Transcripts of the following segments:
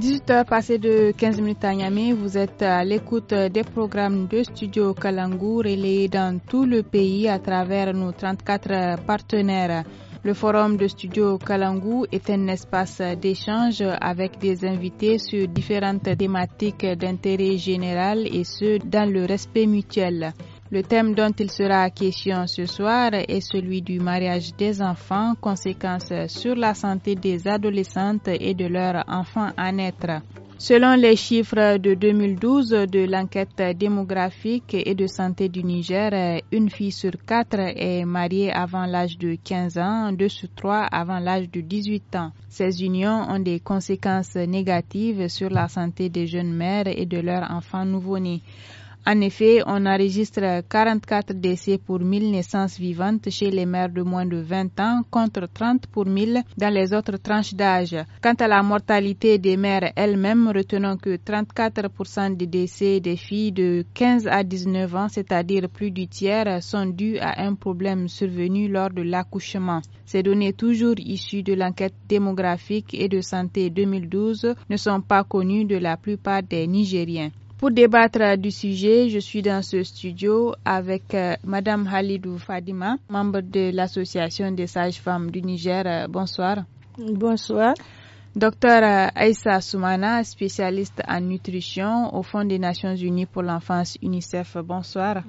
18h passées de 15 minutes à Nyame, vous êtes à l'écoute des programmes de Studio Kalangu relayés dans tout le pays à travers nos 34 partenaires. Le forum de Studio Kalangu est un espace d'échange avec des invités sur différentes thématiques d'intérêt général et ce, dans le respect mutuel. Le thème dont il sera question ce soir est celui du mariage des enfants, conséquences sur la santé des adolescentes et de leurs enfants à naître. Selon les chiffres de 2012 de l'enquête démographique et de santé du Niger, une fille sur quatre est mariée avant l'âge de 15 ans, deux sur trois avant l'âge de 18 ans. Ces unions ont des conséquences négatives sur la santé des jeunes mères et de leurs enfants nouveau-nés. En effet, on enregistre 44 décès pour 1000 naissances vivantes chez les mères de moins de 20 ans contre 30 pour 1000 dans les autres tranches d'âge. Quant à la mortalité des mères elles-mêmes, retenons que 34% des décès des filles de 15 à 19 ans, c'est-à-dire plus du tiers, sont dus à un problème survenu lors de l'accouchement. Ces données toujours issues de l'enquête démographique et de santé 2012 ne sont pas connues de la plupart des Nigériens. Pour débattre du sujet, je suis dans ce studio avec euh, Madame Halidou Fadima, membre de l'Association des sages-femmes du Niger. Euh, bonsoir. Bonsoir. Docteur euh, Aïssa Soumana, spécialiste en nutrition au Fonds des Nations Unies pour l'enfance UNICEF. Bonsoir.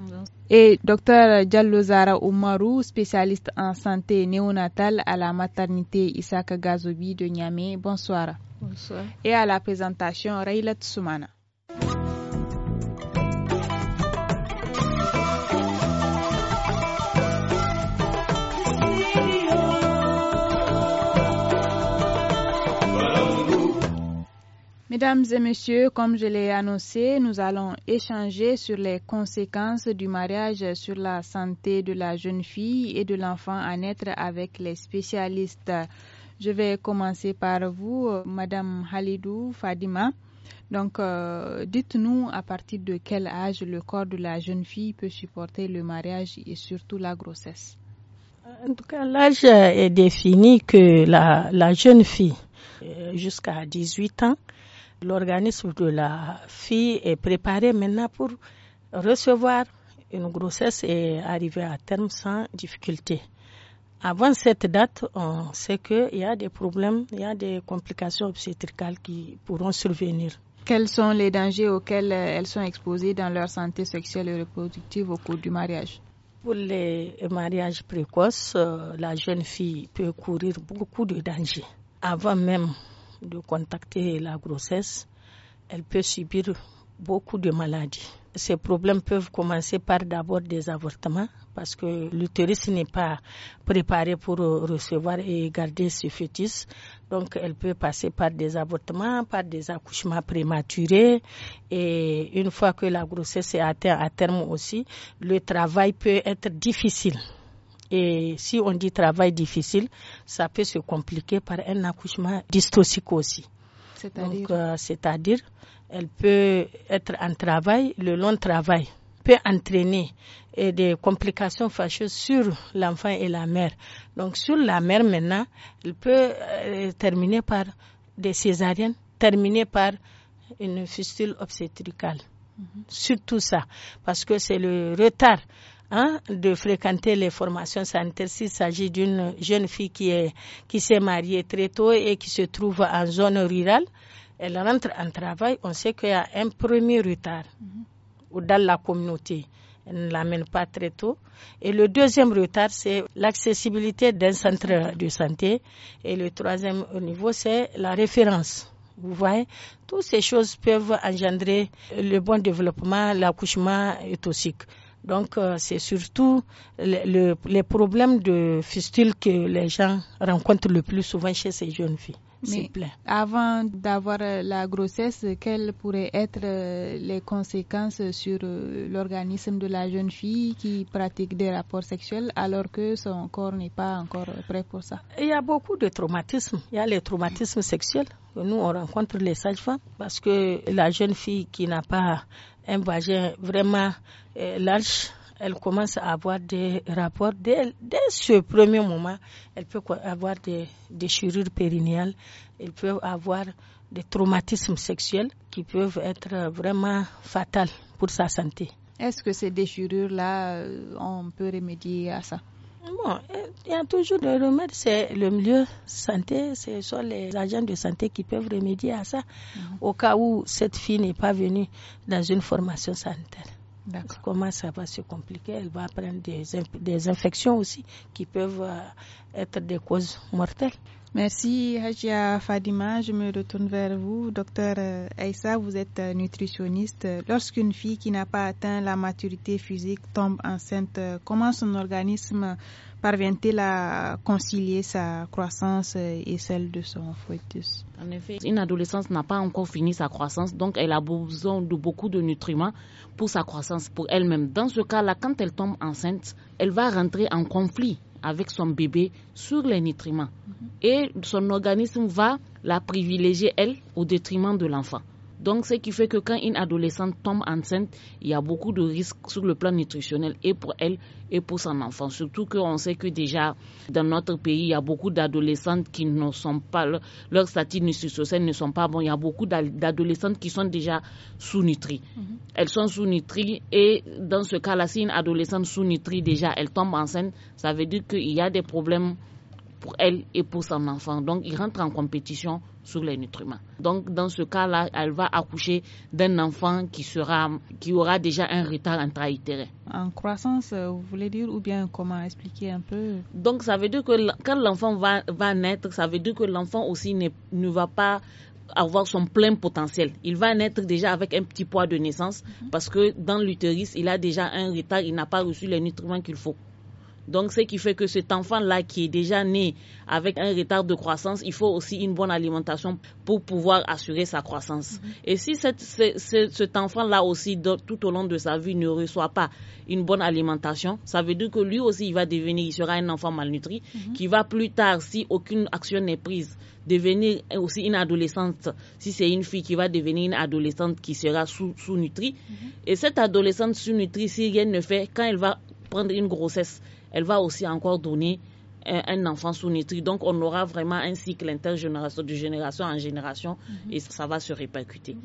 Et docteur Diallo Zara Oumarou, spécialiste en santé néonatale à la maternité Isaac Gazoubi de Niamey. Bonsoir. Bonsoir. Et à la présentation, Raylat Soumana. Mesdames et messieurs, comme je l'ai annoncé, nous allons échanger sur les conséquences du mariage sur la santé de la jeune fille et de l'enfant à naître avec les spécialistes. Je vais commencer par vous, euh, Madame Halidou Fadima. Donc, euh, dites-nous à partir de quel âge le corps de la jeune fille peut supporter le mariage et surtout la grossesse. Euh, en tout cas, l'âge est défini que la, la jeune fille, jusqu'à 18 ans, L'organisme de la fille est préparé maintenant pour recevoir une grossesse et arriver à terme sans difficulté. Avant cette date, on sait qu'il y a des problèmes, il y a des complications obstétricales qui pourront survenir. Quels sont les dangers auxquels euh, elles sont exposées dans leur santé sexuelle et reproductive au cours du mariage Pour les mariages précoces, euh, la jeune fille peut courir beaucoup de dangers avant même de contacter la grossesse, elle peut subir beaucoup de maladies. Ces problèmes peuvent commencer par d'abord des avortements parce que l'utérus n'est pas préparé pour recevoir et garder ce fœtus. Donc elle peut passer par des avortements, par des accouchements prématurés et une fois que la grossesse est atteinte à terme aussi, le travail peut être difficile et si on dit travail difficile, ça peut se compliquer par un accouchement dystocique aussi. Euh, c'est-à-dire elle peut être en travail, le long travail peut entraîner euh, des complications fâcheuses sur l'enfant et la mère. Donc sur la mère maintenant, elle peut euh, terminer par des césariennes, terminer par une fistule obstétricale. Sur mhm. tout Surtout ça, parce que c'est le retard Hein, de fréquenter les formations sanitaires s'il s'agit d'une jeune fille qui est qui s'est mariée très tôt et qui se trouve en zone rurale. Elle rentre en travail, on sait qu'il y a un premier retard mhm. dans la communauté. Elle ne l'amène pas très tôt. Et le deuxième retard, c'est l'accessibilité d'un centre de santé. Et le troisième niveau, c'est la référence. Vous voyez, toutes ces choses peuvent engendrer le bon développement, l'accouchement toxique. Donc, euh, c'est surtout les problèmes de fistule que les gens rencontrent le plus souvent chez ces jeunes filles. Mais avant d'avoir euh, la grossesse, quelles pourraient être euh, les conséquences sur l'organisme de la jeune fille qui pratique des rapports sexuels alors que son corps n'est pas encore prêt pour ça Il y a beaucoup de traumatismes. Il y a les traumatismes sexuels. Nous, on rencontre les sages-femmes parce que la jeune fille qui n'a pas un vagin vraiment euh, large, elle commence à avoir des rapports. Dès, dès ce premier moment, elle peut avoir des déchirures périnéales, elle peut avoir des traumatismes sexuels qui peuvent être vraiment fatales pour sa santé. Est-ce que ces déchirures-là, euh, on peut remédier à ça il y a toujours des remèdes. C'est le milieu santé, ce sont les agents de santé qui peuvent remédier à ça, mhm. au cas où cette fille n'est pas venue dans une formation sanitaire. Comment ça va se compliquer Elle va prendre des, des infections aussi qui peuvent euh, être des causes mortelles. Merci Hajia Fadima. Je me retourne vers vous, docteur euh, Aïssa. Vous êtes euh, nutritionniste. Lorsqu'une fille qui n'a pas atteint la maturité physique tombe enceinte, euh, comment son organisme parvient-il à concilier sa croissance et celle de son foetus En effet, une adolescence n'a pas encore fini sa croissance, donc elle a besoin de beaucoup de nutriments pour sa croissance, pour elle-même. Dans ce cas-là, quand elle tombe enceinte, elle va rentrer en conflit avec son bébé sur les nutriments. Et son organisme va la privilégier, elle, au détriment de l'enfant. Donc, ce qui fait que quand une adolescente tombe enceinte, il y a beaucoup de risques sur le plan nutritionnel et pour elle et pour son enfant. Surtout qu'on sait que déjà dans notre pays, il y a beaucoup d'adolescentes qui ne sont pas, leurs statuts nutritionnels ne sont pas bons. Il y a beaucoup d'adolescentes qui sont déjà sous-nutries. Mhm. Elles sont sous-nutries et dans ce cas-là, si une adolescente sous-nutrie déjà, elle tombe enceinte, ça veut dire qu'il y a des problèmes pour elle et pour son enfant. Donc, ils rentrent en compétition les nutriments. Donc, dans ce cas-là, elle va accoucher d'un enfant qui, sera, qui aura déjà un retard intra-utérin. En croissance, euh, vous voulez dire, ou bien comment expliquer un peu Donc, ça veut dire que quand l'enfant va, naître, ça veut dire que l'enfant aussi ne, ne va pas avoir son plein potentiel. Il va naître déjà avec un petit poids de naissance mhm. parce que dans l'utérus, il a déjà un retard, il n'a pas reçu les nutriments qu'il faut. Donc, ce qui fait que cet enfant-là qui est déjà né avec un retard de croissance, il faut aussi une bonne alimentation pour pouvoir assurer sa croissance. Mhm. Et si cet enfant-là aussi, tout au long de sa vie, ne reçoit pas une bonne alimentation, ça veut dire que lui aussi, il va devenir, il sera un enfant malnutri, mhm. qui va plus tard, si aucune action n'est prise, devenir aussi une adolescente. Si c'est une fille qui va devenir une adolescente qui sera sous-nutrie. Mhm. Et cette adolescente sous-nutrie, si rien ne fait, quand elle va prendre une grossesse, elle va aussi encore donner un, enfant sous nutri. Donc, on aura vraiment un cycle intergénérationnel, de génération en génération, mhm. et ça va se répercuter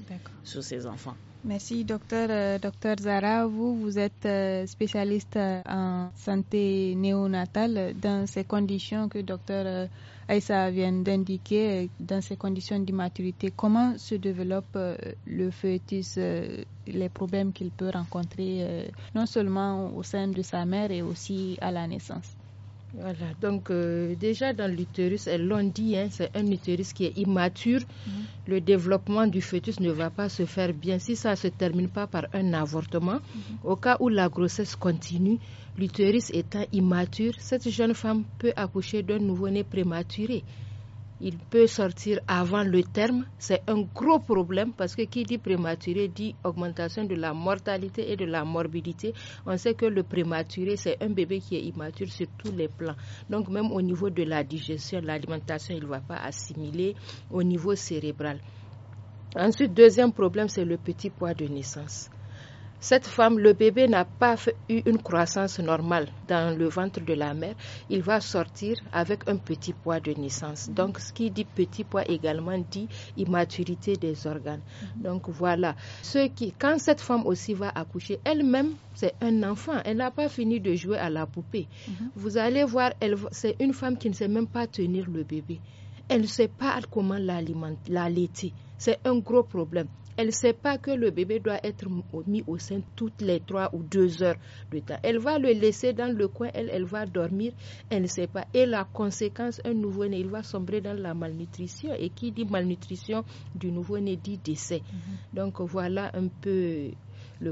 sur ces enfants. Merci, docteur, euh, Zara. Vous, vous êtes euh, spécialiste euh, en santé néonatale. Dans ces conditions que docteur Aïssa vient d'indiquer, euh, dans ces conditions d'immaturité, comment se développe euh, le fœtus, euh, les problèmes qu'il peut rencontrer, non seulement au sein de sa mère et aussi à la naissance. Voilà, donc déjà dans l'utérus, elles l'ont dit, hein, c'est un utérus qui est immature. Mhm. Le développement du fœtus ne va pas se faire bien si ça ne se termine pas par un avortement. Mhm. Au cas où la grossesse continue, L'utérus étant immature, cette jeune femme peut accoucher d'un nouveau-né prématuré. Il peut sortir avant le terme. C'est un gros problème parce que qui dit prématuré dit augmentation de la mortalité et de la morbidité. On sait que le prématuré, c'est un bébé qui est immature sur tous les plans. Donc même au niveau de la digestion, l'alimentation, il ne va pas assimiler au niveau cérébral. Ensuite, deuxième problème, c'est le petit poids de naissance cette femme, le bébé n'a pas eu une croissance normale dans le ventre de la mère, il va sortir avec un petit poids de naissance. Mhm. Donc, ce qui dit petit poids également dit immaturité des organes. Mhm. Donc, voilà. Ce qui, quand cette femme aussi va accoucher, elle-même, c'est un enfant. Elle n'a pas fini de jouer à la poupée. Mhm. Vous allez voir, c'est une femme qui ne sait même pas tenir le bébé. Elle ne sait pas comment l'alimenter. C'est un gros problème. Elle ne sait pas que le bébé doit être mis au sein toutes les trois ou deux heures de temps. Elle va le laisser dans le coin, elle, elle va dormir, elle ne sait pas. Et la conséquence, un nouveau-né, il va sombrer dans la malnutrition. Et qui dit malnutrition du nouveau-né dit décès. Mhm. Donc voilà un peu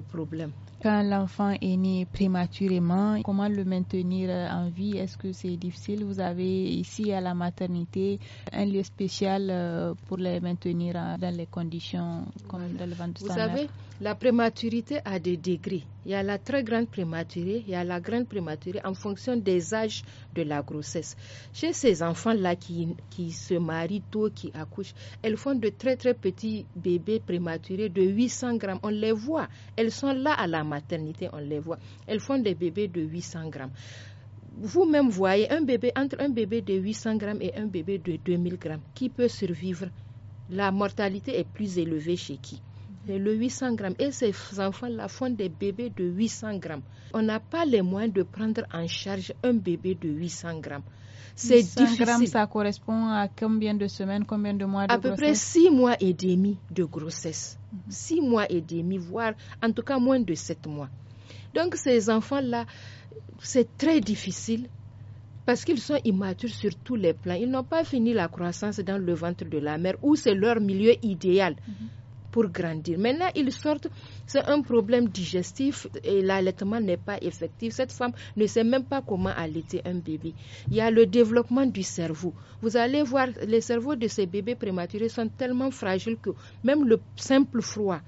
problème. Quand l'enfant est né prématurément, comment le maintenir en vie Est-ce que c'est difficile Vous avez ici à la maternité un lieu spécial euh, pour les maintenir dans les conditions comme dans le ventre Vous savez, la prématurité a des degrés. Il y a la très grande prématurité, il y a la grande prématurité en fonction des âges de la grossesse. Chez ces enfants-là qui, qui, se marient tôt, qui accouchent, elles font de très très petits bébés prématurés de 800 grammes. On les voit. Elles sont là à la maternité, on les voit. Elles font des bébés de 800 grammes vous-même voyez un bébé entre un bébé de 800 grammes et un bébé de 2000 grammes, qui peut survivre La mortalité est plus élevée chez qui le 800 grammes. Et ces enfants-là font des bébés de 800 grammes. On n'a pas les moyens de prendre en charge un bébé de 800 grammes. C'est grammes, ça correspond à combien de semaines, combien de mois de grossesse À peu près 6 mois et demi de grossesse. 6 mhm. mois et demi, voire en tout cas moins de 7 mois. Donc ces enfants-là, c'est très difficile parce qu'ils sont immatures sur tous les plans. Ils n'ont pas fini la croissance dans le ventre de la mère où c'est leur milieu idéal. Mhm pour grandir. Maintenant, ils sortent, c'est un problème digestif et l'allaitement n'est pas effectif. Cette femme ne sait même pas comment allaiter un bébé. Il y a le développement du cerveau. Vous allez voir, les cerveaux de ces bébés prématurés sont tellement fragiles que même le simple froid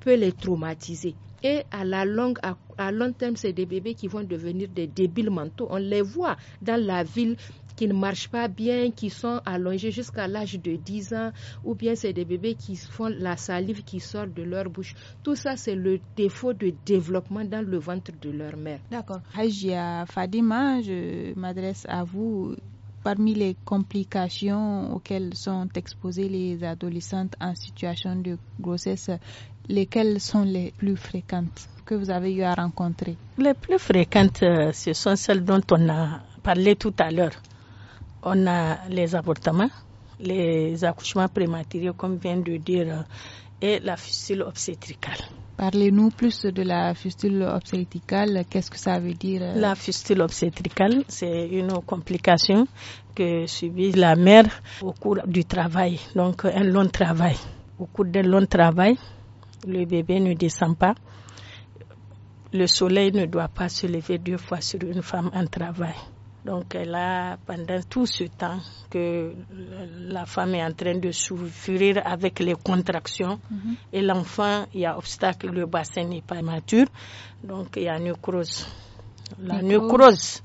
peut les traumatiser. Et à la longue, à long terme, c'est des bébés qui vont devenir des débiles mentaux. On les voit dans la ville qui ne marchent pas bien, qui sont allongés jusqu'à l'âge de 10 ans, ou bien c'est des bébés qui font la salive qui sort de leur bouche. Tout ça, c'est le défaut de développement dans le ventre de leur mère. D'accord. Hajia Fadima, je m'adresse à vous parmi les complications auxquelles sont exposées les adolescentes en situation de grossesse, lesquelles sont les plus fréquentes que vous avez eu à rencontrer Les plus fréquentes, euh, ce sont celles dont on a parlé tout à l'heure on a les avortements, les accouchements prématurés, comme vient de dire, euh, et la fistule obstétricale. Parlez-nous plus de la fistule obstétricale. Qu'est-ce que ça veut dire euh? La fistule obstétricale, c'est une complication que subit la mère au cours du travail, donc un long travail. Au cours d'un long travail, le bébé ne descend pas. Le soleil ne doit pas se lever deux fois sur une femme en travail. Donc là, pendant tout ce temps que la femme est en train de souffrir avec les contractions mhm. et l'enfant, il y a obstacle, le bassin n'est pas mature, donc il y a nécrose. La nécrose,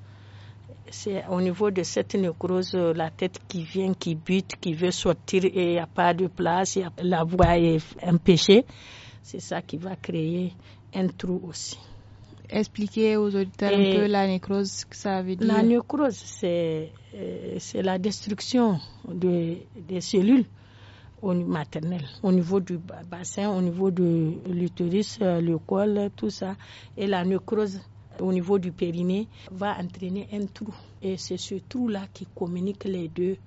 c'est au niveau de cette nécrose, la tête qui vient, qui bute, qui veut sortir et il n'y a pas de place, la voie est empêchée. C'est ça qui va créer un trou aussi expliquer aux auditeurs un peu la nécrose, que ça veut dire La nécrose, euh, c'est la destruction des cellules au maternel, au niveau du bassin, au niveau de l'utérus, euh, le col, tout ça. Et la nécrose au niveau du périnée va entraîner un trou. Et c'est ce trou-là qui communique les deux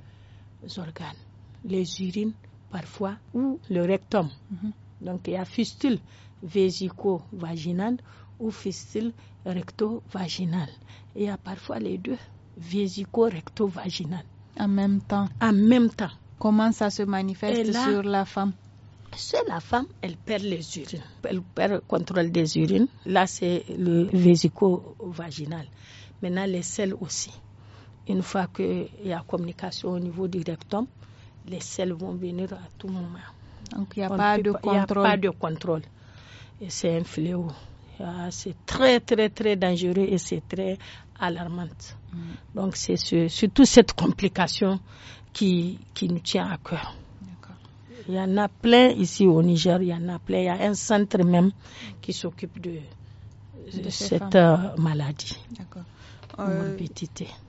organes, les urines parfois ou le rectum. Mm-hmm. Donc il y a fistule vésico-vaginale ou fistule recto vaginal Il y a parfois les deux, vésico-recto-vaginale. En même temps. En même temps. Comment ça se manifeste sur la femme Sur la femme, elle perd les urines. Elle perd le contrôle des urines. Là, c'est le vésico-vaginal. Maintenant, les selles aussi. Une fois qu'il y a communication au niveau du rectum, les selles vont venir à tout moment. Donc, il n'y a, a, pas de contrôle. Et c'est un fléau. Ah, c'est très, très, très dangereux et c'est très alarmant. Mm. Donc, c'est surtout cette complication qui, qui nous tient à cœur. Il y en a plein ici au Niger, il y en a plein. Il y a un centre même qui s'occupe de, cette euh, maladie. D'accord. Euh,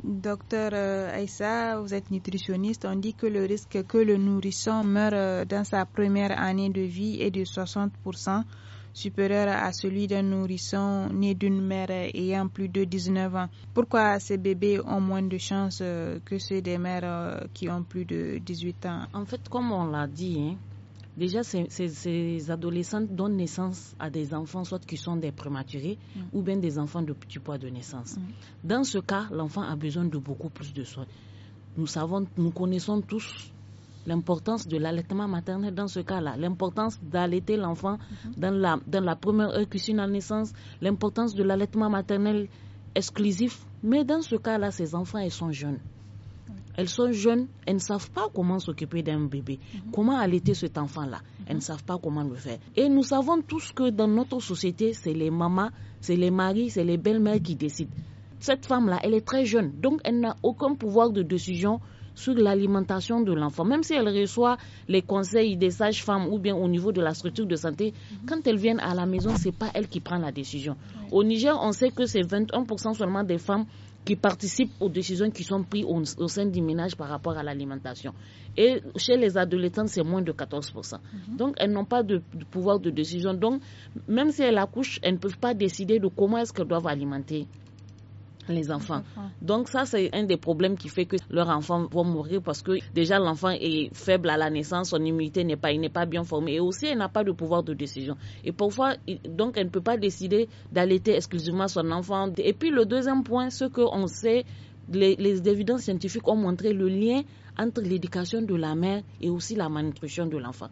docteur euh, Aïssa, vous êtes nutritionniste. On dit que le risque que le nourrisson meure dans sa première année de vie est de 60% supérieur à celui d'un nourrisson né d'une mère ayant plus de 19 ans. Pourquoi ces bébés ont moins de chances euh, que ceux des mères euh, qui ont plus de 18 ans En fait, comme on l'a dit, hein, déjà ces, adolescentes adolescents donnent naissance à des enfants, soit qui sont des prématurés mm. ou bien des enfants de petit poids de naissance. Mm. Dans ce cas, l'enfant a besoin de beaucoup plus de soins. Nous savons, nous connaissons tous l'importance de l'allaitement maternel dans ce cas-là, l'importance d'allaiter l'enfant dans, la, dans la première heure qui suit la naissance, l'importance de l'allaitement maternel exclusif. Mais dans ce cas-là, ces enfants, ils sont jeunes. Elles sont jeunes, elles ne savent pas comment s'occuper d'un bébé, comment allaiter cet enfant-là. Elles ne savent pas comment le faire. Et nous savons tous que dans notre société, c'est les mamans, c'est les maris, c'est les belles-mères qui décident. Cette femme-là, elle est très jeune, donc elle n'a aucun pouvoir de décision sur l'alimentation de l'enfant. Même si elle reçoit les conseils des sages-femmes ou bien au niveau de la structure de santé, mhm. quand elles viennent à la maison, c'est pas elle qui prend la décision. Au Niger, on sait que c'est 21% seulement des femmes qui participent aux décisions qui sont prises au, sein du ménage par rapport à l'alimentation. Et chez les adolescents, c'est moins de 14%. Mhm. Donc, elles n'ont pas de, de, pouvoir de décision. Donc, même si elles accouchent, elles ne peuvent pas décider de comment est-ce qu'elles doivent alimenter les enfants. Donc ça, c'est un des problèmes qui fait que leurs enfants vont mourir parce que déjà l'enfant est faible à la naissance, son immunité n'est pas, n'est pas bien formée et aussi elle n'a pas de pouvoir de décision. Et parfois, donc elle ne peut pas décider d'allaiter exclusivement son enfant. Et puis le deuxième point, ce qu'on sait, les, les évidences scientifiques ont montré le lien entre l'éducation de la mère et aussi la malnutrition de l'enfant.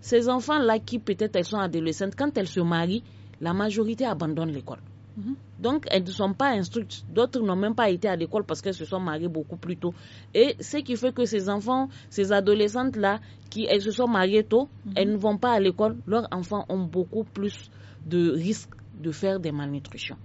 Ces enfants-là qui peut-être elles sont adolescentes, quand elles se marient, la majorité abandonne l'école. Mhm. Donc, elles ne sont pas instruites. D'autres n'ont même pas été à l'école parce qu'elles se sont mariées beaucoup plus tôt. Et ce qui fait que ces enfants, ces adolescentes-là, qui elles se sont mariées tôt, mhm. elles ne vont pas à l'école. Leurs enfants ont beaucoup plus de risques de faire des malnutritions.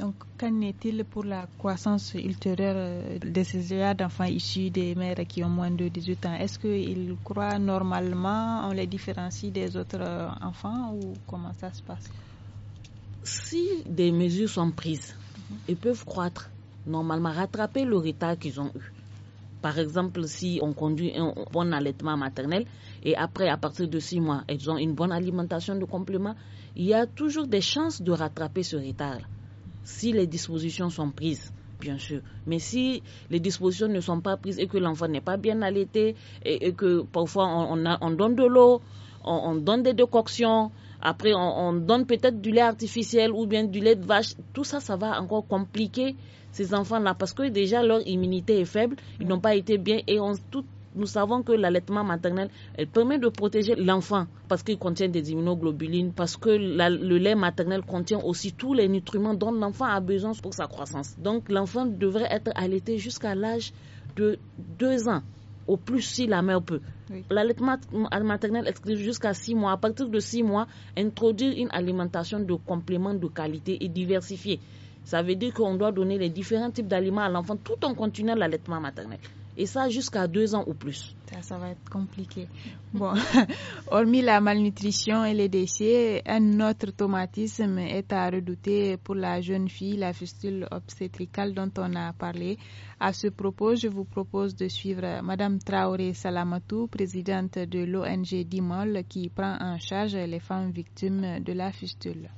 Donc, qu'en est-il pour la croissance ultérieure euh, de ces d'enfants issus des mères qui ont moins de 18 ans Est-ce qu'ils croient normalement, on les différencie des autres euh, enfants ou comment ça se passe si des mesures sont prises, ils peuvent croître, normalement rattraper le retard qu'ils ont eu. Par exemple, si on conduit un bon allaitement maternel et après, à partir de six mois, ils ont une bonne alimentation de complément, il y a toujours des chances de rattraper ce retard si les dispositions sont prises. Bien sûr. Mais si les dispositions ne sont pas prises et que l'enfant n'est pas bien allaité et, que parfois on, donne de l'eau, on, donne des décoctions, après, on, donne peut-être du lait artificiel ou bien du lait de vache. Tout ça, ça va encore compliquer ces enfants-là parce que déjà leur immunité est faible, ils n'ont pas été bien et on, nous savons que l'allaitement maternel permet de protéger l'enfant parce qu'il contient des immunoglobulines, parce que le lait maternel contient aussi tous les nutriments dont l'enfant a besoin pour sa croissance. Donc l'enfant devrait être allaité jusqu'à l'âge de 2 ans au plus si la mère peut. L'allaitement maternel exclut jusqu'à six mois. À partir de six mois, introduire une alimentation de complément de qualité et diversifiée. Ça veut dire qu'on doit donner les différents types d'aliments à l'enfant tout en continuant l'allaitement maternel. Et ça jusqu'à deux ans ou plus. Ça, ça va être compliqué. Bon, hormis la malnutrition et les déchets, un autre traumatisme est à redouter pour la jeune fille, la fistule obstétricale dont on a parlé. À ce propos, je vous propose de suivre Madame Traoré Salamatou, présidente de l'ONG DIMOL, qui prend en charge les femmes victimes de la fistule.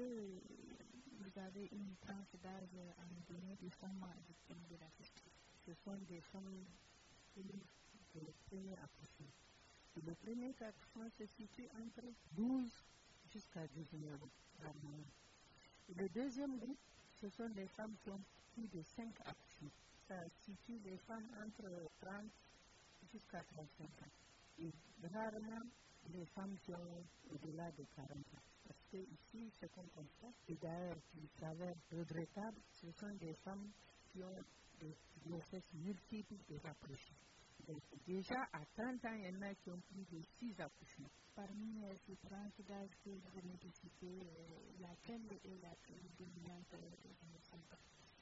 vous avez une tranche d'âge à nous donner des femmes de la Ce sont des femmes de le premier Et Le premier accouchement se situe entre 12 jusqu'à 19 ans. Le deuxième groupe, ce sont les femmes qui ont plus de 5 ans. Ça situe les femmes entre 30 jusqu'à 35 ans. Et rarement les femmes qui ont au-delà de 40 ans. Parce que ici, ce qu'on constate, et d'ailleurs, il s'avère regrettable, ce sont des femmes qui ont des grossesses multiples et rapprochées. Donc, déjà à 30 ans, il y en a qui ont plus de 6 accouchements. Parmi ces 30 d'âge que vous venez de citer, euh, laquelle est la plus dominante euh,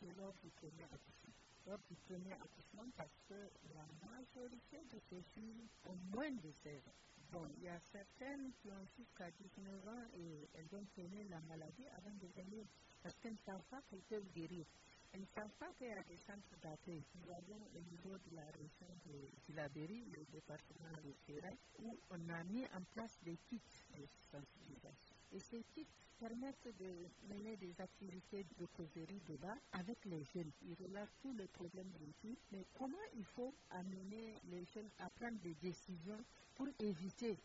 C'est lors du premier accouchement. Lors du premier accouchement, parce que la majorité de ces filles ont moins de 16 ans. Bon, il y a certaines qui ont jusqu'à 19 ans et elles ont connu la maladie avant de venir Certaines ne savent pas qu'elles peuvent guérir. Elles ne savent pas qu'il y a des centres d'accueil. Nous avons au niveau de la région de la Berry le département de Sierra, où on a mis en place des kits de sensibilisation et ces sites permettent de mener des activités de causerie, débat avec les jeunes. Ils relèvent tous les problèmes de mais comment il faut amener les jeunes à prendre des décisions pour éviter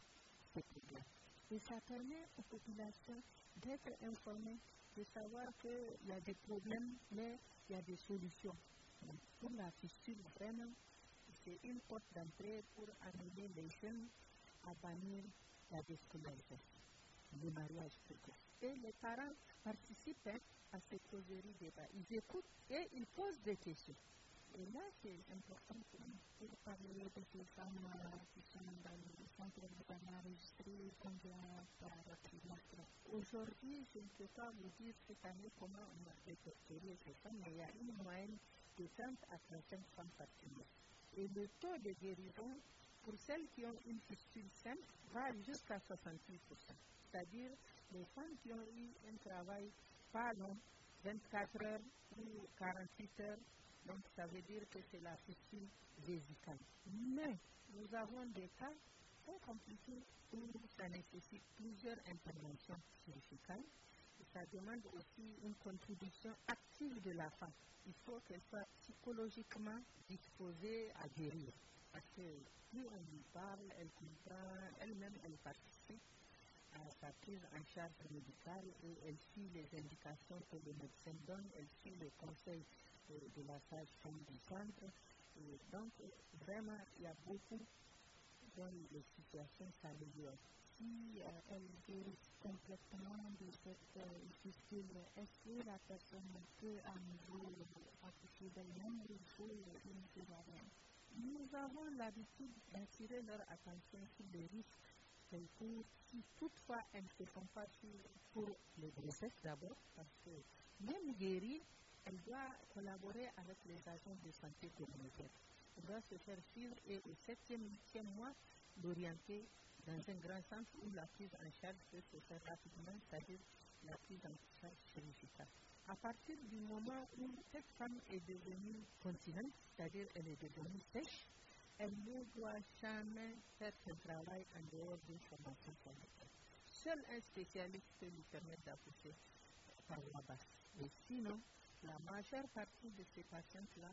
ces problèmes. Et ça permet aux populations d'être informées, de savoir qu'il y a des problèmes, mais il y a des solutions. Donc, pour la fissure, vraiment, c'est une porte d'entrée pour amener les jeunes à bannir la discrimination le mariage précoce. Et les parents participent à cette causerie débat. Ils écoutent et ils posent des questions. Et là, c'est important pour nous, parler de ces femmes qui sont dans le centres de femmes enregistrées, combien par trimestre. Aujourd'hui, je ne peux pas vous dire cette année comment on a répertorié ces femmes, mais il y a une moyenne de 5 à 35 femmes par trimestre. Et le taux de guérison pour celles qui ont une fistule simple, va jusqu'à 68%. C'est-à-dire les femmes qui ont eu un travail pas long, 24 heures ou 48 heures, donc ça veut dire que c'est la fistule vésicale. Mais nous avons des cas très compliqués où ça nécessite plusieurs interventions chirurgicales. Ça demande aussi une contribution active de la femme. Il faut qu'elle soit psychologiquement disposée à guérir. Parce que plus on lui parle, elle elle-même, elle participe à sa prise en charge médicale et elle suit les indications que le médecin donne, elle suit les conseils euh, de la sage-femme du centre. donc, vraiment, il y a beaucoup dans les situations familiales. Si euh, elle est complètement de cette euh, est-ce que la personne peut à nouveau s'occuper d'elle-même ou il faut nous avons l'habitude d'attirer leur attention sur les risques qu'elles courent si toutefois elles ne se font pas pour les grossesses d'abord, parce que même guérie, elle doit collaborer avec les agents de santé communautaire. Elle doit se faire suivre et au septième, huitième mois, d'orienter dans un grand centre où la prise en charge peut se faire rapidement, c'est-à-dire la prise en charge chirurgicale à partir du moment où cette femme est devenue continente, c'est-à-dire elle est devenue sèche, elle ne doit jamais faire son travail en dehors d'une formation formelle. Seul un spécialiste peut lui permettre d'appuyer par la bas. Mais sinon, la majeure partie de ces patients là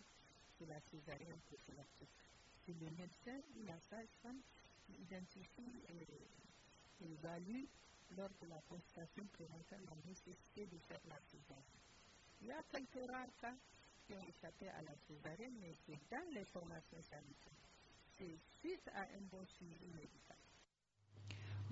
c'est la césarienne prophylactique. C'est le médecin la sage-femme qui identifie et évalue lors de la consultation prénatale la nécessité de faire la césarienne. Il y a quelques rares cas qui ont échappé à la césarienne, mais c'est dans les formations sanitaires. C'est suite à un bon suivi médical.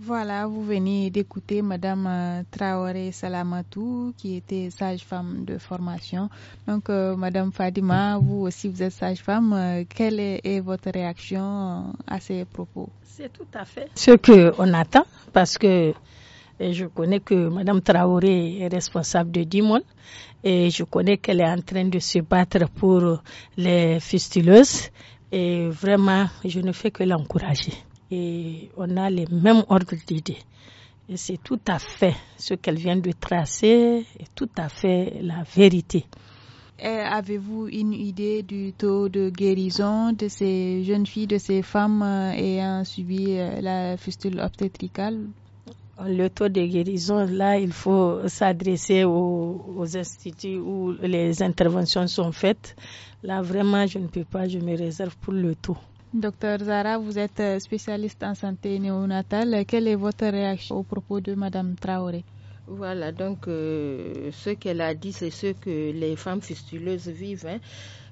Voilà, vous venez d'écouter Madame euh, Traoré Salamatou, qui était sage-femme de formation. Donc, euh, Madame Fadima, vous aussi, vous êtes sage-femme. Euh, quelle est, est, votre réaction euh, à ces propos C'est tout à fait ce que on attend, parce que je connais que Mme Traoré est responsable de Dimon et je connais qu'elle est en train de se battre pour les fistuleuses. Et vraiment, je ne fais que l'encourager. Et on a les mêmes ordres d'idées. Et c'est tout à fait ce qu'elle vient de tracer, et tout à fait la vérité. Avez-vous une idée du taux de guérison de ces jeunes filles, de ces femmes euh, ayant subi euh, la fistule obstétricale le taux de guérison, là, il faut s'adresser aux, instituts où les interventions sont faites. Là, vraiment, je ne peux pas, je me réserve pour le taux. Docteur Zara, vous êtes spécialiste en santé néonatale. Quelle est votre réaction au propos de Madame Traoré Voilà, donc euh, ce qu'elle a dit, c'est ce que les femmes fistuleuses vivent. Hein.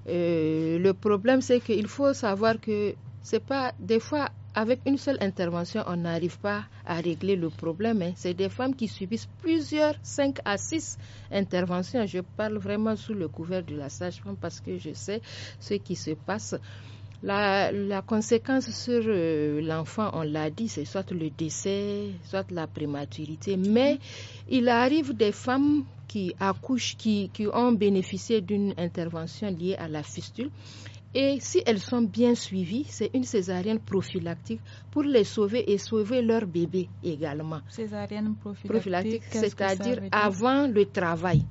Euh, le problème, c'est qu'il faut savoir que c'est pas des fois avec une seule intervention, on n'arrive pas à régler le problème. Hein. C'est des femmes qui subissent plusieurs, 5 à 6 interventions. Je parle vraiment sous le couvert de la sage-femme parce que je sais ce qui se passe. La, conséquence sur euh, l'enfant, on l'a dit, c'est soit le décès, soit la prématurité. Mais il arrive des femmes qui accouchent, qui ont bénéficié d'une intervention liée à la fistule, et si elles sont bien suivies, c'est une césarienne prophylactique pour les sauver et sauver leur bébé également. Césarienne prophylactique, c'est-à-dire avant le travail.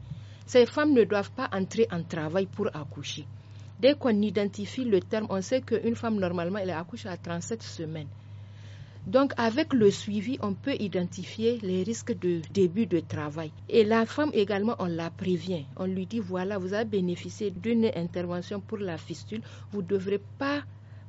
Ces femmes ne doivent pas entrer en travail pour accoucher. Dès qu'on identifie le terme, on sait qu'une femme, normalement, elle accouche à 37 semaines. Donc avec le suivi, on peut identifier les risques de début de travail. Et la femme également, on la prévient. On lui dit, voilà, vous avez bénéficié d'une intervention pour la fistule, vous ne devrez pas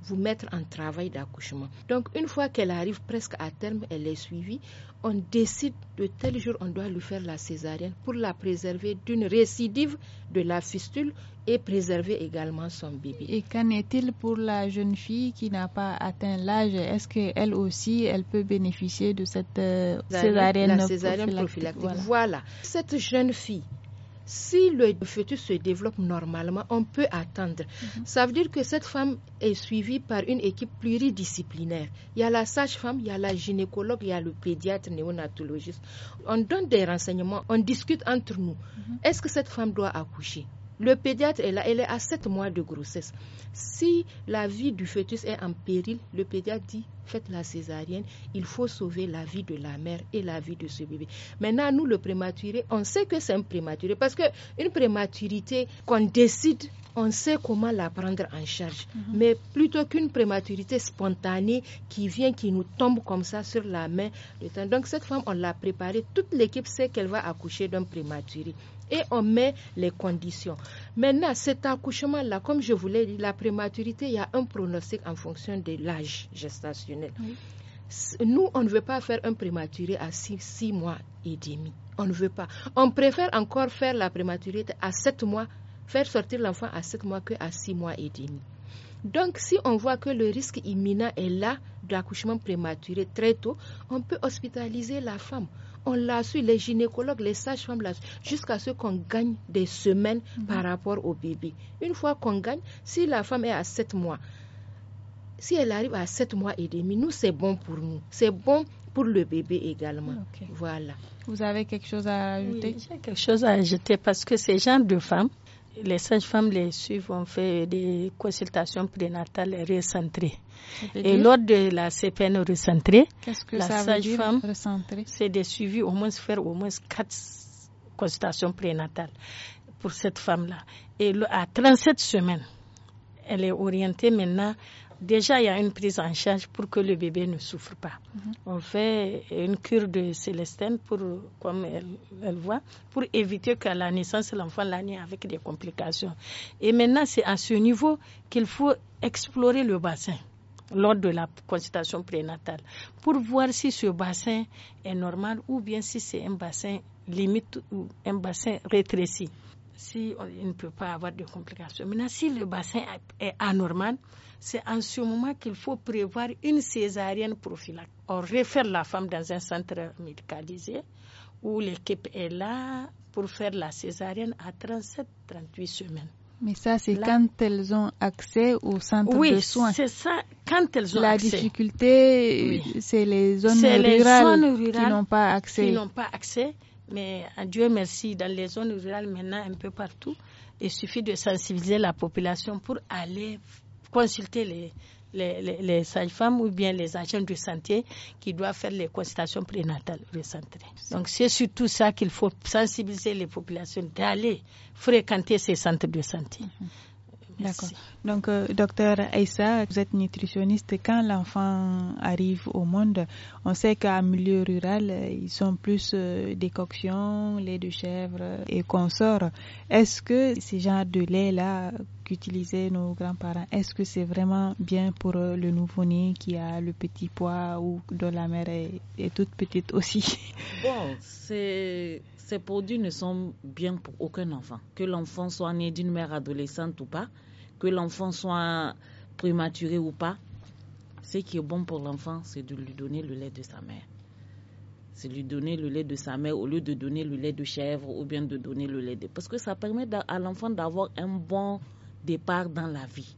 vous mettre en travail d'accouchement. Donc une fois qu'elle arrive presque à terme, elle est suivie, on décide de tel jour on doit lui faire la césarienne pour la préserver d'une récidive de la fistule et préserver également son bébé. Et qu'en est-il pour la jeune fille qui n'a pas atteint l'âge Est-ce qu'elle aussi, elle peut bénéficier de cette euh, césarienne, césarienne prophylactique, voilà. Cette jeune fille si le fœtus se développe normalement, on peut attendre. Mhm. Ça veut dire que cette femme est suivie par une équipe pluridisciplinaire. Il y a la sage-femme, il y a la gynécologue, il y a le pédiatre néonatologiste. On donne des renseignements, on discute entre nous. Mhm. Est-ce que cette femme doit accoucher le pédiatre est là, elle est à 7 mois de grossesse. Si la vie du fœtus est en péril, le pédiatre dit faites la césarienne, il faut sauver la vie de la mère et la vie de ce bébé. Maintenant, nous, le prématuré, on sait que c'est un prématuré parce qu'une prématurité qu'on décide, on sait comment la prendre en charge. Mhm. Mais plutôt qu'une prématurité spontanée qui vient, qui nous tombe comme ça sur la main. Donc, cette femme, on l'a préparée, toute l'équipe sait qu'elle va accoucher d'un prématuré et on met les conditions. Maintenant, cet accouchement-là, comme je vous l'ai dit, la prématurité, il y a un pronostic en fonction de l'âge gestationnel. Nous, on ne veut pas faire un prématuré à 6 mois et demi. On ne veut pas. On préfère encore faire la prématurité à 7 mois, faire sortir l'enfant à 7 mois que à 6 mois et demi. Donc, si on voit que le risque imminent est là d'accouchement prématuré très tôt, on peut hospitaliser la femme on la suit, les gynécologues, les sages-femmes la jusqu'à ce qu'on gagne des semaines mhm. par rapport au bébé. Une fois qu'on gagne, si la femme est à 7 mois, si elle arrive à 7 mois et demi, nous, c'est bon pour nous. C'est bon pour le bébé également. Voilà. Vous avez quelque chose à ajouter J'ai quelque chose à ajouter parce que ces gens de femmes, les sages-femmes les suivent, on fait des consultations prénatales recentrées. Et lors de la CPN recentrée, la sage-femme, c'est des suivis, au moins faire au moins quatre consultations prénatales pour cette femme-là. Et à 37 semaines, elle est orientée maintenant Déjà, il y a une prise en charge pour que le bébé ne souffre pas. Mhm. On fait une cure de célestine, pour, comme elle, le voit, pour éviter qu'à la naissance, l'enfant l'année avec des complications. Et maintenant, c'est à ce niveau qu'il faut explorer le bassin lors de la consultation prénatale pour voir si ce bassin est normal ou bien si c'est un bassin limite ou un bassin rétréci si on, il ne peut pas avoir de complications. Maintenant, si le bassin est anormal, c'est en ce moment qu'il faut prévoir une césarienne prophylactique. On réfère la femme dans un centre médicalisé où l'équipe est là pour faire la césarienne à 37-38 semaines. Mais ça, c'est quand elles ont accès au centre de soins. Oui, c'est ça, quand elles ont La accès. La difficulté, c'est les zones rurales, Qui n'ont pas accès. Mais à Dieu merci, dans les zones rurales maintenant, un peu partout, il suffit de sensibiliser la population pour aller consulter les, les, femmes ou bien les agents de santé qui doivent faire les consultations prénatales recentrées. Donc c'est surtout ça qu'il faut sensibiliser les populations d'aller fréquenter ces centres de santé. Mm-hmm. D'accord. Donc, euh, docteur Aïssa, vous êtes nutritionniste. Quand l'enfant arrive au monde, on sait qu'en milieu rural, euh, ils sont plus euh, décoctions, lait de chèvre et consorts. Est-ce que ce genre de lait-là qu'utilisaient nos grands-parents, est-ce que c'est vraiment bien pour le nouveau-né qui a le petit poids ou dont la mère est, est toute petite aussi Bon, c'est ces produits ne sont bien pour aucun enfant. Que l'enfant soit né d'une mère adolescente ou pas, que l'enfant soit prématuré ou pas, ce qui est bon pour l'enfant, c'est de lui donner le lait de sa mère. C'est lui donner le lait de sa mère au lieu de donner le lait de chèvre ou bien de donner le lait de... Parce que ça permet à l'enfant d'avoir un bon départ dans la vie.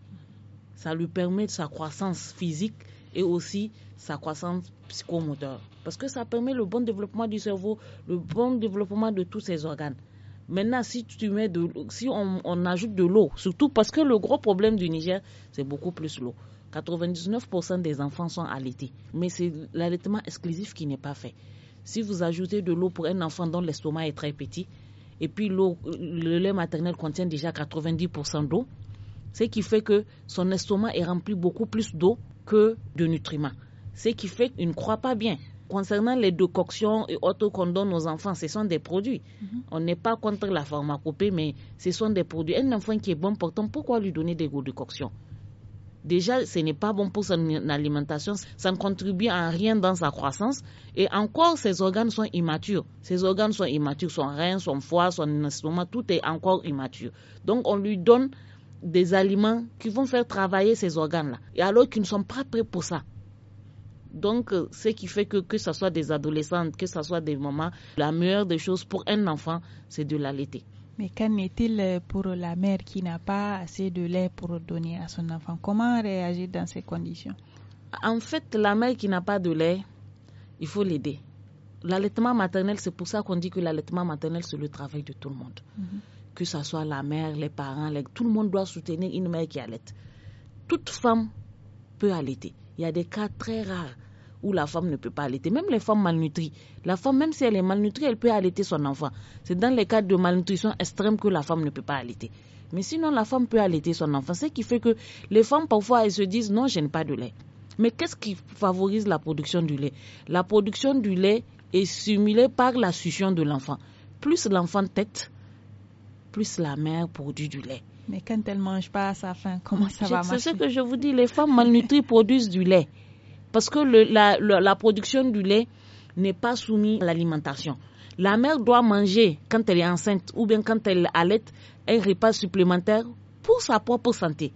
Ça lui permet sa croissance physique et aussi sa croissance psychomoteur parce que ça permet le bon développement du cerveau, le bon développement de tous ses organes. Maintenant, si tu mets de, si on, ajoute de l'eau, surtout parce que le gros problème du Niger, c'est beaucoup plus l'eau. 99% des enfants sont allaités, mais c'est l'allaitement exclusif qui n'est pas fait. Si vous ajoutez de l'eau pour un enfant dont l'estomac est très petit, et puis le lait maternel contient déjà 90% d'eau, ce qui fait que son estomac est rempli beaucoup plus d'eau que de nutriments. Ce qui fait qu'il ne croit pas bien. Concernant les décoctions et autres qu'on donne aux enfants, ce sont des produits. Mhm. On n'est pas contre la pharmacopée, mais ce sont des produits. Un enfant qui est bon pourtant, pourquoi lui donner des décoctions Déjà, ce n'est pas bon pour son alimentation, ça ne contribue en rien dans sa croissance. Et encore, ses organes sont immatures. Ses organes sont immatures, son rein, son foie, son instrument, tout est encore immature. Donc, on lui donne des aliments qui vont faire travailler ces organes-là, et alors qu'ils ne sont pas prêts pour ça. Donc, euh, ce qui fait que, que ce soit des adolescentes, que ce soit des mamans, la meilleure des choses pour un enfant, c'est de l'allaiter. Mais qu'en est-il euh, pour la mère qui n'a pas assez de lait pour donner à son enfant Comment réagir dans ces conditions En fait, la mère qui n'a pas de lait, il faut l'aider. L'allaitement maternel, c'est pour ça qu'on dit que l'allaitement maternel, c'est le travail de tout le monde. Mhm. Que ce soit la mère, les parents, tout le monde doit soutenir une mère qui allaite. Toute femme peut allaiter. Il y a des cas très rares où la femme ne peut pas allaiter. Même les femmes malnutries. La femme, même si elle est malnutrie, elle peut allaiter son enfant. C'est dans les cas de malnutrition extrême que la femme ne peut pas allaiter. Mais sinon, la femme peut allaiter son enfant. Ce qui fait que les femmes, parfois, elles se disent non, je n'ai pas de lait. Mais qu'est-ce qui favorise la production du lait La production du lait est simulée par la succion de l'enfant. Plus l'enfant tête, plus la mère produit du lait. Mais quand elle ne mange pas à sa faim, comment ça va marcher C'est ce que je vous dis, les femmes malnutries produisent du lait. Parce que la, production du lait n'est pas soumise à l'alimentation. La mère doit manger quand elle est enceinte ou bien quand elle allait un repas supplémentaire pour sa propre santé,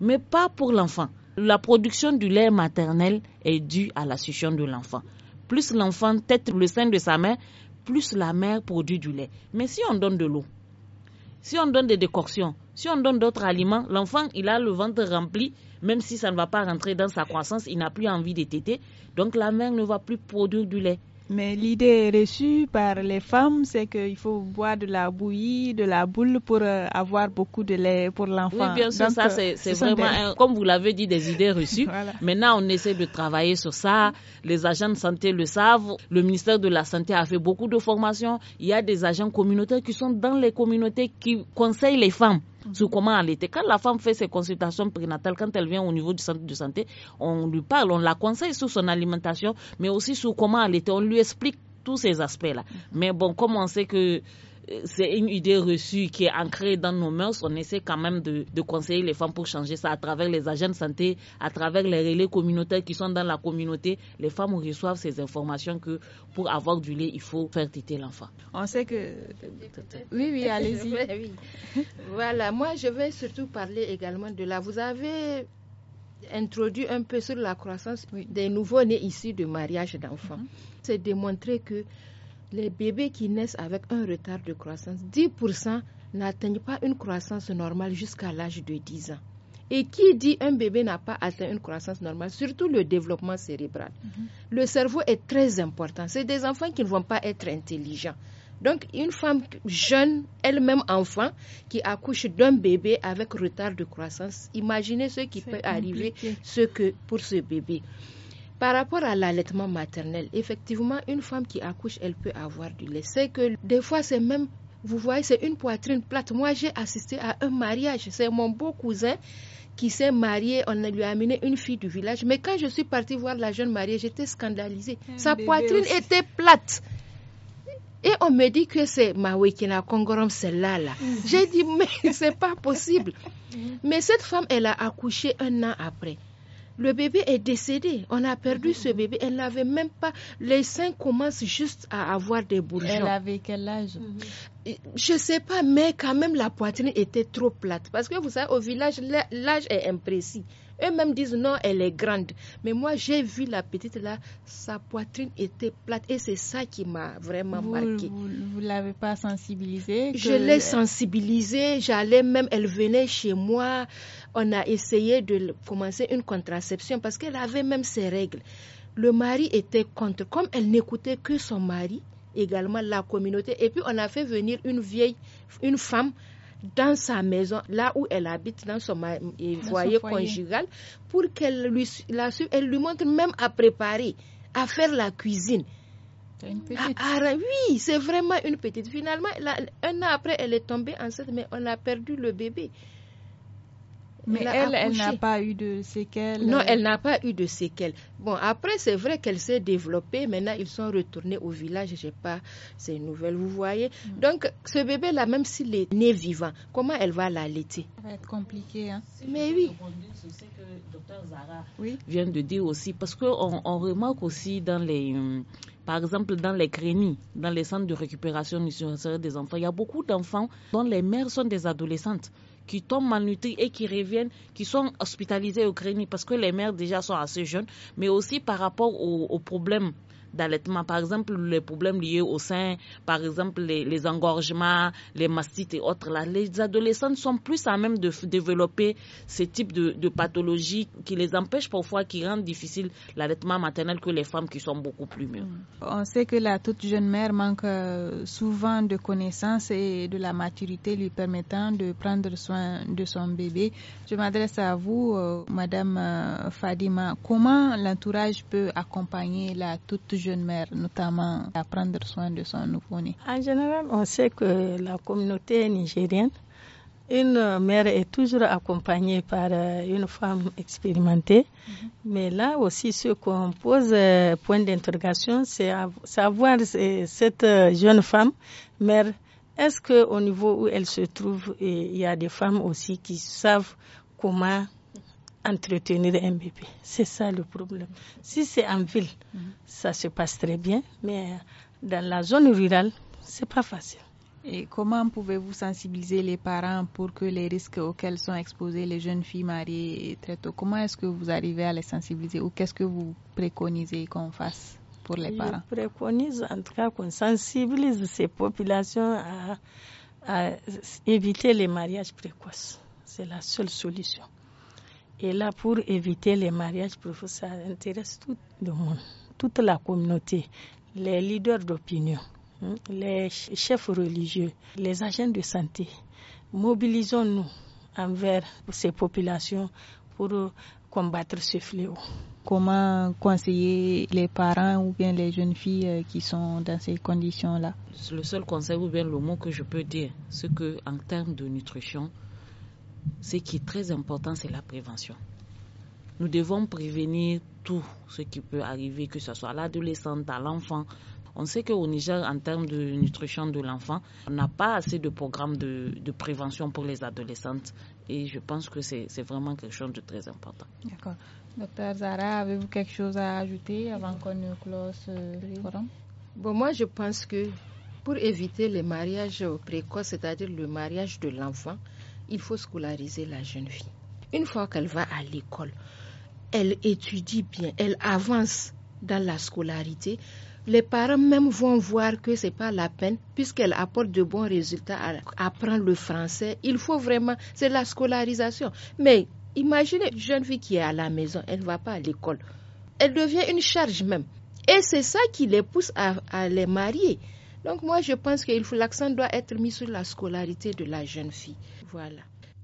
mais pas pour l'enfant. La production du lait maternel est due à la succion de l'enfant. Plus l'enfant tête le sein de sa mère, plus la mère produit du lait. Mais si on donne de l'eau, si on donne des décoctions, si on donne d'autres aliments, l'enfant, il a le ventre rempli, même si ça ne va pas rentrer dans sa croissance, il n'a plus envie de téter. Donc la mère ne va plus produire du lait. Mais l'idée reçue par les femmes, c'est qu'il faut boire de la bouillie, de la boule pour euh, avoir beaucoup de lait pour l'enfant. Oui, bien sûr, ça euh, c'est vraiment, comme vous l'avez dit, des idées reçues. Maintenant, on essaie de travailler sur ça. Les agents de santé le savent. Le ministère de la Santé a fait beaucoup de formations. Il y a des agents communautaires qui sont dans les communautés qui conseillent les femmes sur comment était. Quand la femme fait ses consultations prénatales, quand elle vient au niveau du centre de santé, on lui parle, on la conseille sur son alimentation, mais aussi sur comment était. On lui explique tous ces aspects-là. Mm-hmm. Mais bon, comment on sait que c'est une idée reçue qui est ancrée dans nos mœurs. On essaie quand même de, conseiller les femmes pour changer ça à travers les agents de santé, à travers les relais communautaires qui sont dans la communauté. Les femmes reçoivent ces informations que pour avoir du lait, il faut faire titer l'enfant. On sait que. Oui, oui, allez-y. Voilà, moi je vais surtout parler également de là. Vous avez introduit un peu sur la croissance des nouveaux-nés issus de mariage d'enfants. Mm-hmm. C'est démontrer que les bébés qui naissent avec un retard de croissance, 10% n'atteignent pas une croissance normale jusqu'à l'âge de 10 ans. Et qui dit un bébé n'a pas atteint une croissance normale, surtout le développement cérébral. Mhm. Le cerveau est très important. C'est des enfants qui ne vont pas être intelligents. Donc, une femme jeune, elle-même enfant, qui accouche d'un bébé avec retard de croissance, imaginez ce qui peut arriver ce que pour ce bébé. Par rapport à l'allaitement maternel, effectivement, une femme qui accouche, elle peut avoir du lait. C'est que des fois, c'est même vous voyez, c'est une poitrine plate. Moi, j'ai assisté à un mariage. C'est mon beau cousin qui s'est marié. On lui a amené une fille du village. Mais quand je suis partie voir la jeune mariée, j'étais scandalisée. Sa poitrine était plate. Et on me dit que c'est Mawekina Kongorom, c'est là, là. Mm. J'ai dit, mais c'est pas possible. Mm. mais cette femme, elle a accouché un an après. Le bébé est décédé. On a perdu ce bébé. Elle n'avait même pas. Les seins commencent juste à avoir des bourgeons. Elle avait quel âge Je ne sais pas, mais quand même, la poitrine était trop plate. Parce que vous savez, au village, l'âge est imprécis. Eux-mêmes disent non, elle est grande. Mais moi, j'ai vu la petite là, sa poitrine était plate et c'est ça qui m'a vraiment marqué. Vous ne l'avez pas sensibilisée Je l'ai sensibilisée, j'allais même, elle venait chez moi, on a essayé de commencer une contraception parce qu'elle avait même ses règles. Le mari était contre. Comme elle n'écoutait que son mari, également la communauté. Et puis on a fait venir une vieille, une femme dans sa maison, là où elle habite, dans son, foyer, conjugal, pour qu'elle lui, lui montre même à préparer, à faire la cuisine. Ah, ah oui, c'est vraiment une petite. Finalement, un an après, elle est tombée enceinte, mais on a perdu le bébé. Mais elle, elle, n'a pas eu de séquelles. Non, elle n'a pas eu de séquelles. Bon, après, c'est vrai qu'elle s'est développée. Maintenant, ils sont retournés au village. Je n'ai pas ces nouvelles, vous voyez. Mm. Donc, ce bébé-là, même s'il est né vivant, comment elle va l'allaiter Ça va être compliqué. Hein? Mais oui. C'est ce que docteur Zara vient de dire aussi. Parce qu'on on remarque aussi dans les. Euh, par exemple, dans les crénies, dans les centres de récupération des enfants, il y a beaucoup d'enfants dont les mères sont des adolescentes qui tombent malnutris et qui reviennent, qui sont hospitalisés au crédit parce que les mères déjà sont assez jeunes, mais aussi par rapport aux problèmes d'allaitement. Par exemple, les problèmes liés au sein, par exemple, les, engorgements, les mastites et autres. Là. Les adolescentes sont plus à même de développer ces types de, de pathologies qui les empêchent parfois, qui rendent difficile l'allaitement maternel que les femmes qui sont beaucoup plus mûres. Mm. On sait que la toute jeune mère manque euh, souvent de connaissances et de la maturité lui permettant de prendre soin de son bébé. Je m'adresse à vous, euh, Madame euh, Fadima. Comment l'entourage peut accompagner la toute jeune mère, notamment à prendre soin de son nouveau-né En général, on sait que la communauté nigérienne, une mère est toujours accompagnée par euh, une femme expérimentée. Mm-hmm. Mais là aussi, ce qu'on pose euh, point d'interrogation, c'est savoir euh, cette jeune femme, mère, est-ce qu'au niveau où elle se trouve, il y a des femmes aussi qui savent comment entretenir un bébé. C'est ça le problème. Si c'est en ville, mhm. ça se passe très bien, mais euh, dans la zone rurale, c'est pas facile. Et comment pouvez-vous sensibiliser les parents pour que les risques auxquels sont exposées les jeunes filles mariées très tôt, comment est-ce que vous arrivez à les sensibiliser ou qu'est-ce que vous préconisez qu'on fasse pour les parents Je préconise en tout cas qu'on sensibilise ces populations à éviter les mariages précoces. C'est la seule solution. Et là pour éviter les mariages que Ça intéresse tout le monde, toute la communauté, les leaders d'opinion, hein, les chefs religieux, les agents de santé. Mobilisons-nous envers ces populations pour combattre ce fléau. Comment conseiller les parents ou bien les jeunes filles euh, qui sont dans ces conditions-là Le seul conseil ou bien le mot que je peux dire, c'est qu'en termes de nutrition, ce qui est très important, c'est la prévention. Nous devons prévenir tout ce qui peut arriver, que ce soit à l'adolescente, à l'enfant. On sait qu'au Niger, en termes de nutrition de l'enfant, on n'a pas assez de programmes de, de, prévention pour les adolescentes. Et je pense que c'est vraiment quelque chose de très important. D'accord. Docteur Zara, avez-vous quelque chose à ajouter avant qu'on ne close euh, le Bon, moi, je pense que pour éviter les mariages précoces, c'est-à-dire le mariage de l'enfant, il faut scolariser la jeune fille. Une fois qu'elle va à l'école, elle étudie bien, elle avance dans la scolarité. Les parents même vont voir que ce n'est pas la peine, puisqu'elle apporte de bons résultats, à apprend le français. Il faut vraiment, c'est la scolarisation. Mais imaginez une jeune fille qui est à la maison, elle ne va pas à l'école. Elle devient une charge même. Et c'est ça qui les pousse à, à les marier. Donc moi, je pense que l'accent doit être mis sur la scolarité de la jeune fille. Voilà.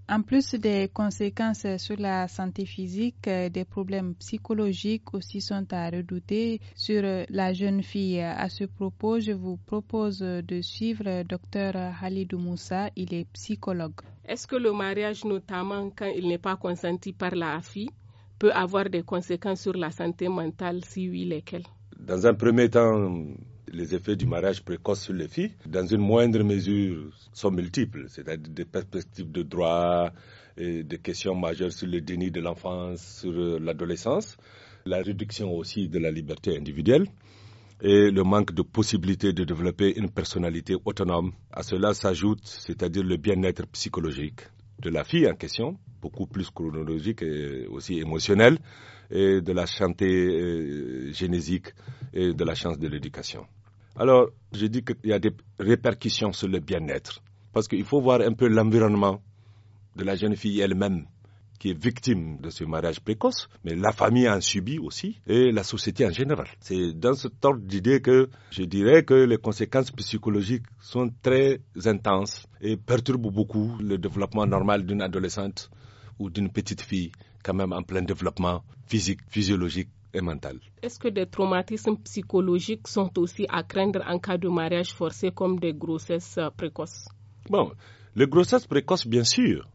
En plus des conséquences sur la santé physique, euh, des problèmes psychologiques aussi sont à redouter sur euh, la jeune fille. À ce propos, je vous propose de suivre euh, Dr Halidou Moussa, il est psychologue. Est-ce que le mariage, notamment quand il n'est pas consenti par la fille, peut avoir des conséquences sur la santé mentale, si oui, lesquelles Dans un premier temps, les effets du mariage précoce sur les filles, dans une moindre mesure, sont multiples, c'est-à-dire des perspectives de droit, et des questions majeures sur le déni de l'enfance, sur euh, l'adolescence, la réduction aussi de la liberté individuelle et le manque de possibilité de développer une personnalité autonome. À cela s'ajoute, c'est-à-dire le bien-être psychologique de la fille en question, beaucoup plus chronologique et aussi émotionnel, et de la santé euh, génétique et de la chance de l'éducation. Alors, je dis qu'il y a des répercussions sur le bien-être, parce qu'il faut voir un peu l'environnement de la jeune fille elle-même qui est victime de ce mariage précoce, mais la famille en subit aussi et la société en général. C'est dans ce ordre d'idée que je dirais que les conséquences psychologiques sont très intenses et perturbent beaucoup le développement normal d'une adolescente ou d'une petite fille, quand même en plein développement physique, physiologique, est-ce que des traumatismes psychologiques sont aussi à craindre en cas de mariage forcé comme des grossesses euh, précoces Bon, les grossesses précoces, bien sûr.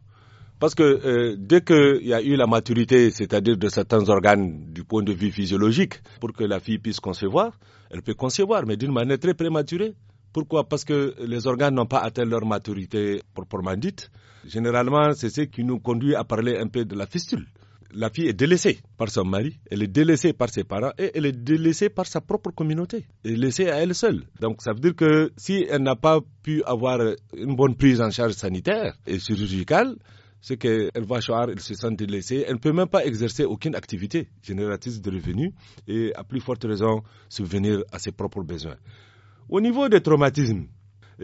Parce que euh, dès qu'il y a eu la maturité, c'est-à-dire de certains organes du point de vue physiologique, pour que la fille puisse concevoir, elle peut concevoir, mais d'une manière très prématurée. Pourquoi Parce que les organes n'ont pas atteint leur maturité proprement dite. Généralement, c'est ce qui nous conduit à parler un peu de la fistule la fille est délaissée par son mari, elle est délaissée par ses parents et elle est délaissée par sa propre communauté, elle est laissée à elle seule. Donc ça veut dire que si elle n'a pas pu avoir une bonne prise en charge sanitaire et chirurgicale, c'est qu'elle va choir, elle se sent délaissée, elle ne peut même pas exercer aucune activité génératrice de revenus et à plus forte raison subvenir à ses propres besoins. Au niveau des traumatismes,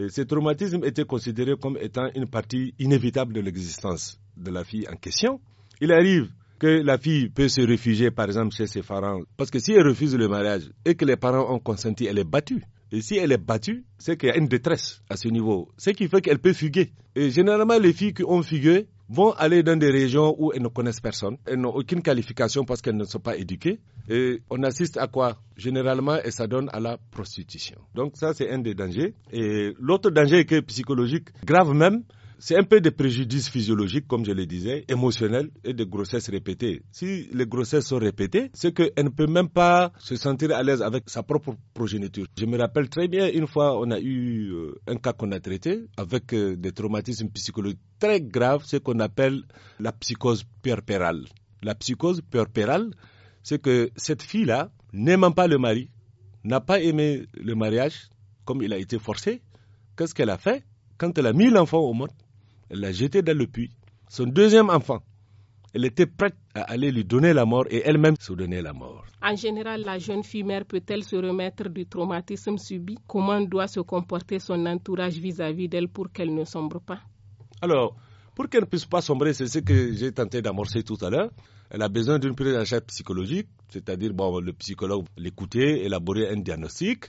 ces traumatismes étaient considérés comme étant une partie inévitable de l'existence de la fille en question. Il arrive que la fille peut se réfugier, par exemple, chez ses parents. Parce que si elle refuse le mariage et que les parents ont consenti, elle est battue. Et si elle est battue, c'est qu'il y a une détresse à ce niveau. Ce qui fait qu'elle peut fuguer. Et généralement, les filles qui ont fugué vont aller dans des régions où elles ne connaissent personne. Elles n'ont aucune qualification parce qu'elles ne sont pas éduquées. Et on assiste à quoi Généralement, ça donne à la prostitution. Donc ça, c'est un des dangers. Et l'autre danger est psychologique, grave même, c'est un peu des préjudices physiologiques, comme je le disais, émotionnels et de grossesses répétées. Si les grossesses sont répétées, c'est qu'elle ne peut même pas se sentir à l'aise avec sa propre progéniture. Je me rappelle très bien, une fois, on a eu euh, un cas qu'on a traité avec euh, des traumatismes psychologiques très graves, ce qu'on appelle la psychose puerpérale. La psychose puerpérale, c'est que cette fille-là, n'aimant pas le mari, n'a pas aimé le mariage comme il a été forcé, qu'est-ce qu'elle a fait Quand elle a mis l'enfant au monde, elle l'a jeté dans le puits. Son deuxième enfant, elle était prête à aller lui donner la mort et elle-même se donner la mort. En général, la jeune fille mère peut-elle se remettre du traumatisme subi Comment doit se comporter son entourage vis-à-vis d'elle pour qu'elle ne sombre pas Alors, pour qu'elle ne puisse pas sombrer, c'est ce que j'ai tenté d'amorcer tout à l'heure. Elle a besoin d'une prise en psychologique, c'est-à-dire bon, le psychologue l'écouter, élaborer un diagnostic.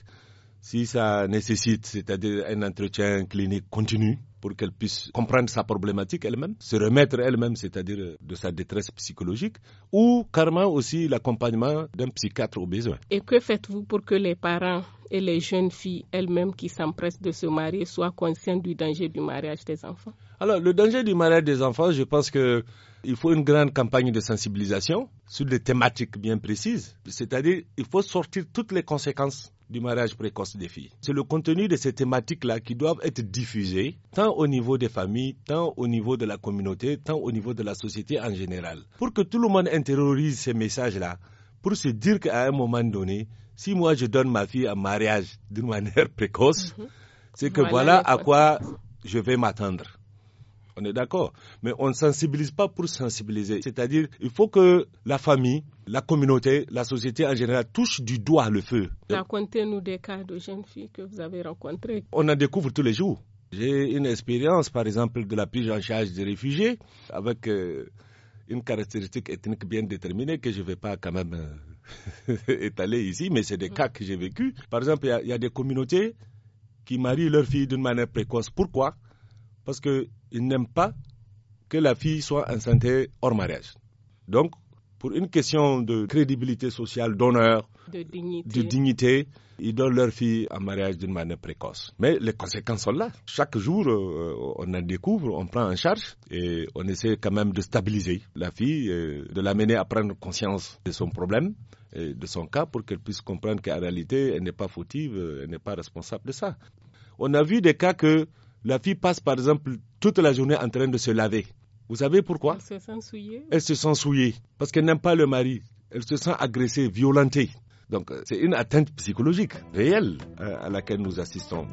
Si ça nécessite, c'est-à-dire un entretien clinique continu, pour qu'elle puisse comprendre sa problématique elle-même, se remettre elle-même, c'est-à-dire euh, de sa détresse psychologique, ou carrément aussi l'accompagnement d'un psychiatre au besoin. Et que faites-vous pour que les parents et les jeunes filles elles-mêmes qui s'empressent de se marier soient conscients du danger du mariage des enfants Alors, le danger du mariage des enfants, je pense que il faut une grande campagne de sensibilisation sur des thématiques bien précises. C'est-à-dire, il faut sortir toutes les conséquences du mariage précoce des filles. C'est le contenu de ces thématiques-là qui doivent être diffusées, tant au niveau des familles, tant au niveau de la communauté, tant au niveau de la société en général. Pour que tout le monde intériorise ces messages-là, pour se dire qu'à un moment donné, si moi je donne ma fille un mariage d'une manière précoce, mhm. c'est que voilà à quoi je vais m'attendre. On est d'accord. Mais on ne sensibilise pas pour sensibiliser. C'est-à-dire, il faut que la famille, la communauté, la société en général touche du doigt le feu. Racontez-nous des cas de jeunes filles que vous avez rencontrées. On en découvre tous les jours. J'ai une expérience, par exemple, de la prise en charge des réfugiés avec euh, une caractéristique ethnique bien déterminée que je ne vais pas quand même euh, étaler ici, mais c'est des mm. cas que j'ai vécu. Par exemple, il y, a des communautés qui marient leurs filles d'une manière précoce. Pourquoi parce qu'ils n'aiment pas que la fille soit enceinte hors mariage. Donc, pour une question de crédibilité sociale, d'honneur, de dignité. ils donnent leur fille en mariage d'une manière précoce. Mais les conséquences sont là. Chaque jour, euh, on en découvre, on prend en charge et on essaie quand même de stabiliser la fille, euh, de l'amener à prendre conscience de son problème, et de son cas, pour qu'elle puisse comprendre qu'en réalité, elle n'est pas fautive, euh, elle n'est pas responsable de ça. On a vu des cas que la fille passe par exemple toute la journée en train de se laver. Vous savez pourquoi Elle se sent souillée. Elle se sent souillée parce qu'elle n'aime pas le mari. Elle se sent agressée, violentée. Donc euh, c'est une atteinte psychologique réelle euh, à laquelle nous assistons.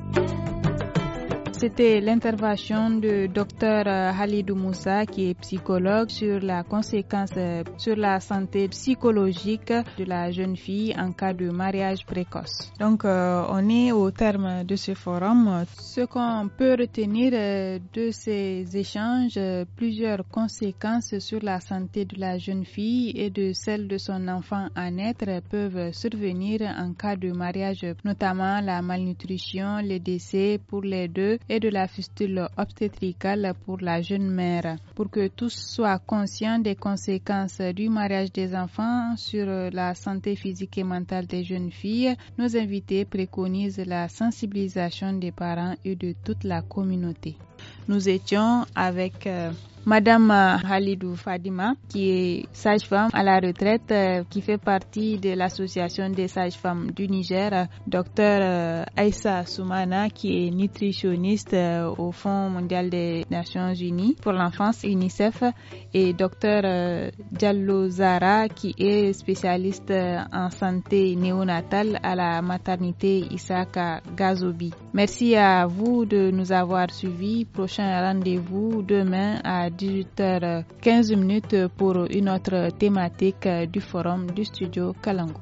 C'était l'intervention du docteur euh, Halidou Moussa, qui est psychologue, sur la conséquence euh, sur la santé psychologique de la jeune fille en cas de mariage précoce. Donc, euh, on est au terme de ce forum. Ce qu'on peut retenir de ces échanges, plusieurs conséquences sur la santé de la jeune fille et de celle de son enfant à naître peuvent survenir en cas de mariage, notamment la malnutrition, les décès pour les deux, et de la fistule obstétricale pour la jeune mère. Pour que tous soient conscients des conséquences du mariage des enfants sur la santé physique et mentale des jeunes filles, nos invités préconisent la sensibilisation des parents et de toute la communauté. Nous étions avec... Euh, Madame euh, Halidou Fadima, qui est sage-femme à la retraite, euh, qui fait partie de l'association des sages-femmes du Niger, euh, docteur Aïssa Soumana, qui est nutritionniste au Fonds mondial des Nations Unies pour l'enfance, UNICEF, et docteur Diallo Zara, qui est spécialiste en santé néonatale à la maternité Isaka Gazobi. Merci à vous de nous avoir suivis. Prochain rendez-vous demain à 18h15 pour une autre thématique du forum du studio Kalango.